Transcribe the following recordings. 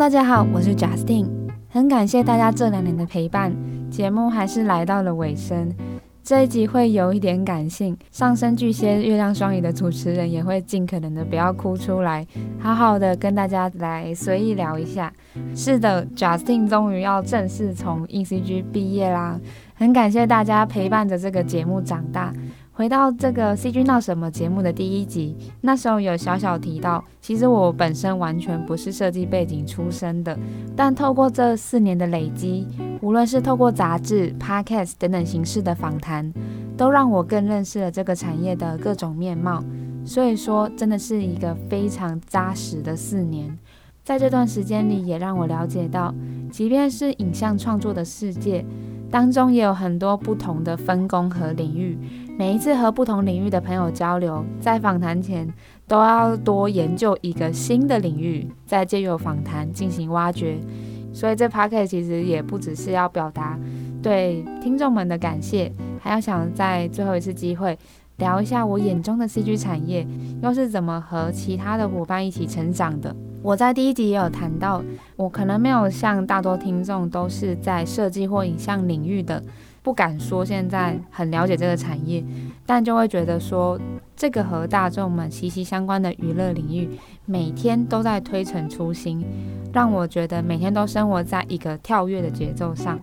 大家好，我是 Justine，很感謝大家這兩年的陪伴，節目還是來到了尾聲，這一集會有一點感性，上升巨蟹月亮雙魚的主持人也會盡可能的不要哭出來，好好的跟大家來隨意聊一下。是的，Justine 終於要正式從 ECG 畢業啦，很感謝大家陪伴着這個節目長大。回到這個《CG 鬧什麼》節目的第一集，那時候有小小提到，其實我本身完全不是設計背景出身的，但透過這四年的累積，無論是透過雜誌、Podcast 等等形式的訪談，都讓我更認識了這個產業的各種面貌。所以說，真的是一個非常扎實的四年。在這段時間裡，也讓我了解到，即便是影像創作的世界當中，也有很多不同的分工和領域。每一次和不同領域的朋友交流，在訪談前都要多研究一個新的領域，再借由訪談進行挖掘。所以這 podcast 其實也不只是要表達對聽眾們的感謝，還要想在最後一次機會聊一下我眼中的 CG 產業，又是怎麼和其他的夥伴一起成長的。我在第一集也有談到，我可能沒有像大多聽眾都是在設計或影像領域的。不敢說現在很了解這個產業，但就會覺得說這個和大眾們息息相關的娛樂領域，每天都在推陳出新，讓我覺得每天都生活在一個跳躍的節奏上。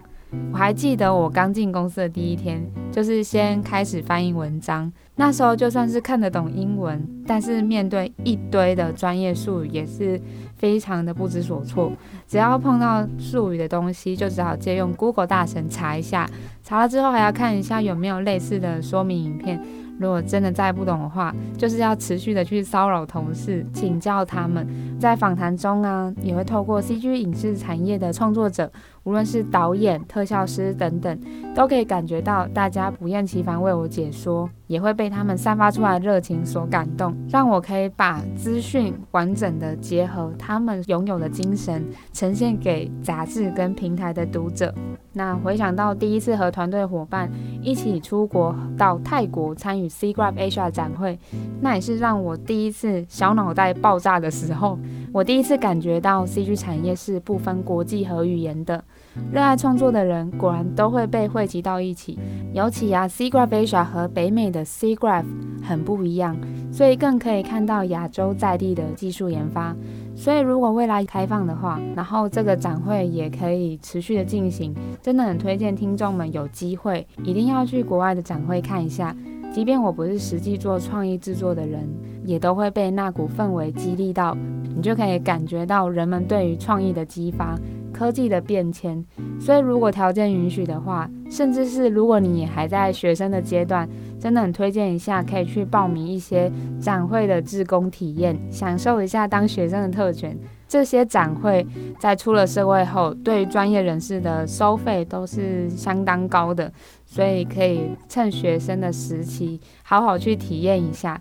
我還記得我剛進公司的第一天，就是先開始翻譯文章。那時候就算是看得懂英文，但是面對一堆的專業術語也是非常的不知所措。只要碰到術語的東西，就只好借用 Google 大神查一下，查了之後還要看一下有沒有類似的說明影片。如果真的再不懂的話，就是要持續的去騷擾同事，請教他們。在訪談中啊，也會透過 CG 影視產業的創作者。無論是導演、特效師等等，都可以感覺到大家不厭其煩為我解說，也會被他們散發出來的熱情所感動，讓我可以把資訊完整的結合他們擁有的精神，呈現給雜誌跟平台的讀者。那回想到第一次和團隊夥伴一起出國到泰國參與 SIGGRAPH Asia 展會，那也是讓我第一次小腦袋爆炸的時候。我第一次感覺到 CG 產業是不分國際和語言的，熱愛創作的人果然都會被匯集到一起。尤其啊，SIGGRAPH Asia 和北美的 SIGGRAPH 很不一樣，所以更可以看到亞洲在地的技術研發。所以如果未來開放的話，然後這個展會也可以持續的進行，真的很推薦聽眾們有機會一定要去國外的展會看一下。即便我不是實際做創意製作的人，也都會被那股氛圍激勵到。你就可以感覺到人們對於創意的激發，科技的變遷。所以如果條件允許的話，甚至是如果你還在學生的階段。真的很推薦一下，可以去報名一些展會的志工體驗，享受一下當學生的特權。這些展會在出了社會後，對專業人士的收費都是相當高的，所以可以趁學生的時期好好去體驗一下。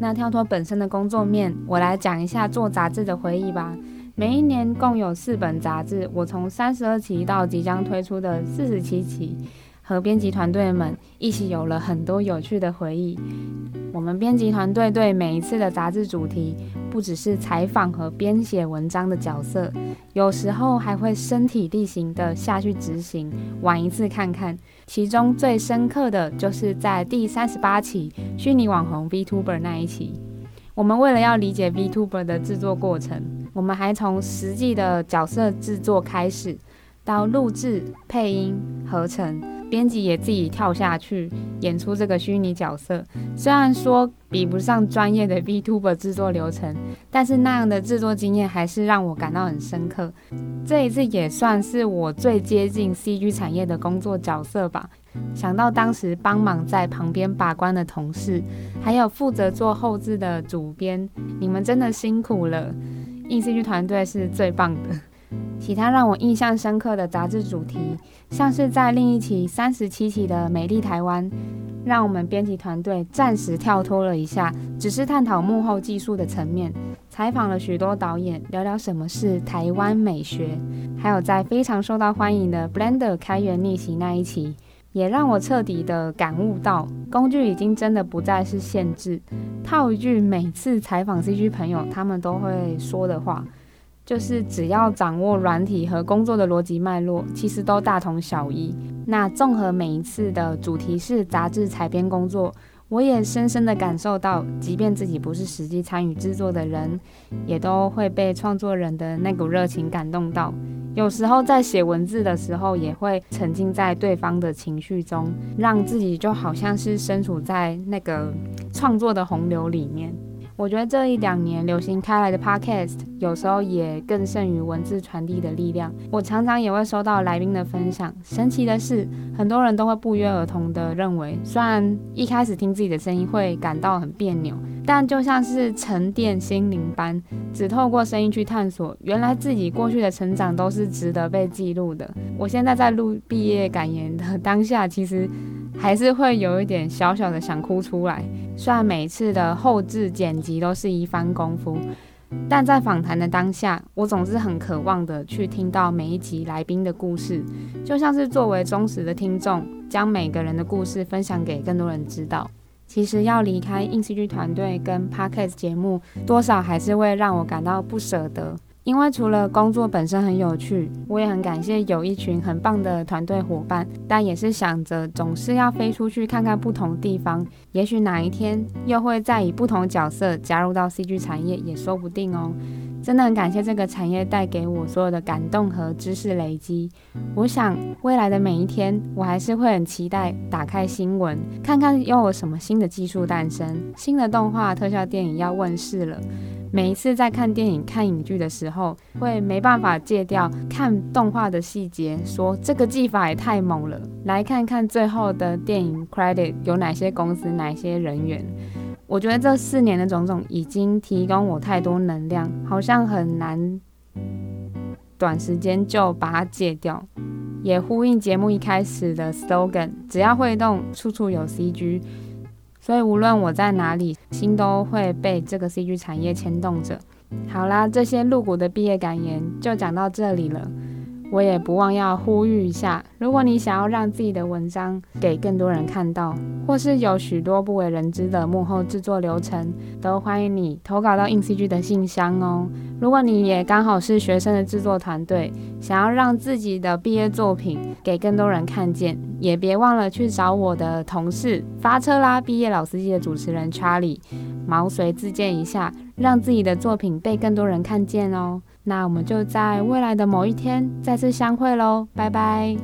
那跳脫本身的工作面，我來講一下做雜誌的回憶吧。每一年共有四本雜誌，我從三十二期到即將推出的四十七期。和編輯團隊們一起有了很多有趣的回憶。我們編輯團隊對每一次的雜誌主題，不只是採訪和編寫文章的角色，有時候還會身體力行地下去執行，玩一次看看。其中最深刻的就是在第三十八期虛擬網紅 VTuber 那一期，我們為了要理解 VTuber 的制作過程，我們還從實際的角色制作開始，到錄制、配音、合成。編輯也自己跳下去演出這個虛擬角色，雖然說比不上專業的 VTuber 制作流程，但是那樣的製作經驗還是讓我感到很深刻。這一次也算是我最接近 CG 產業的工作角色吧。想到當時幫忙在旁邊把關的同事，還有負責做後製的主編，你們真的辛苦了！映 CG 團隊是最棒的。其他讓我印象深刻的雜誌主題，像是在另一期三十七期的《美麗台灣》，讓我們編輯團隊暫時跳脫了一下，只是探討幕後技術的層面，採訪了許多導演，聊聊什麼是台灣美學。還有在非常受到歡迎的 Blender 開源逆襲那一期，也讓我徹底的感悟到，工具已經真的不再是限制。套一句每次採訪 CG 朋友他們都會說的話。就是只要掌握軟體和工作的邏輯脈絡，其實都大同小異。那綜合每一次的主題是雜誌採編工作，我也深深的感受到，即便自己不是實際參與製作的人，也都會被創作人的那股熱情感動到。有時候在寫文字的時候，也會沉浸在對方的情緒中，讓自己就好像是身處在那個創作的洪流裡面。我覺得這一兩年流行開來的 Podcast，有時候也更勝於文字傳遞的力量。我常常也會收到來賓的分享。神奇的是，很多人都會不約而同地認為，雖然一開始聽自己的聲音會感到很別扭，但就像是沉澱心靈般，只透過聲音去探索，原來自己過去的成長都是值得被記錄的。我現在在錄畢業感言的當下，其實。還是會有一點小小的想哭出來，雖然每次的後製剪輯都是一番功夫，但在訪談的當下，我總是很渴望的去聽到每一集來賓的故事，就像是作為忠實的聽眾，將每個人的故事分享給更多人知道。其實要離開映 CG 團隊跟 Podcast 節目，多少還是會讓我感到不捨得。因為除了工作本身很有趣，我也很感謝有一群很棒的團隊夥伴。但也是想着總是要飛出去看看不同地方，也許哪一天又會再以不同角色加入到 CG 產業也說不定哦。真的很感謝這個產業帶給我所有的感動和知識累積。我想未來的每一天，我還是會很期待打開新聞，看看又有什麼新的技術誕生，新的動畫特效電影要問世了。每一次在看電影、看影劇的時候，會沒辦法戒掉看動畫的細節，說這個技法也太猛了。來看看最後的電影 credit 有哪些公司、哪些人員。我覺得這四年的種種已經提供我太多能量，好像很難短時間就把它戒掉。也呼應節目一開始的 slogan：只要會動，處處有 CG。所以無論我在哪裡，心都會被這個 CG 產業牽動着。好啦，這些露骨的畢業感言就講到這裡了。我也不忘要呼籲一下，如果你想要讓自己的文章給更多人看到，或是有許多不為人知的幕後製作流程，都歡迎你投稿到 InCG 的信箱哦。如果你也剛好是學生的製作團隊，想要讓自己的畢業作品給更多人看見，也別忘了去找我的同事，發車啦。畢業老司機的主持人查理，毛遂自薦一下。讓自己的作品被更多人看見哦。那我們就在未來的某一天再次相會嘍，拜拜。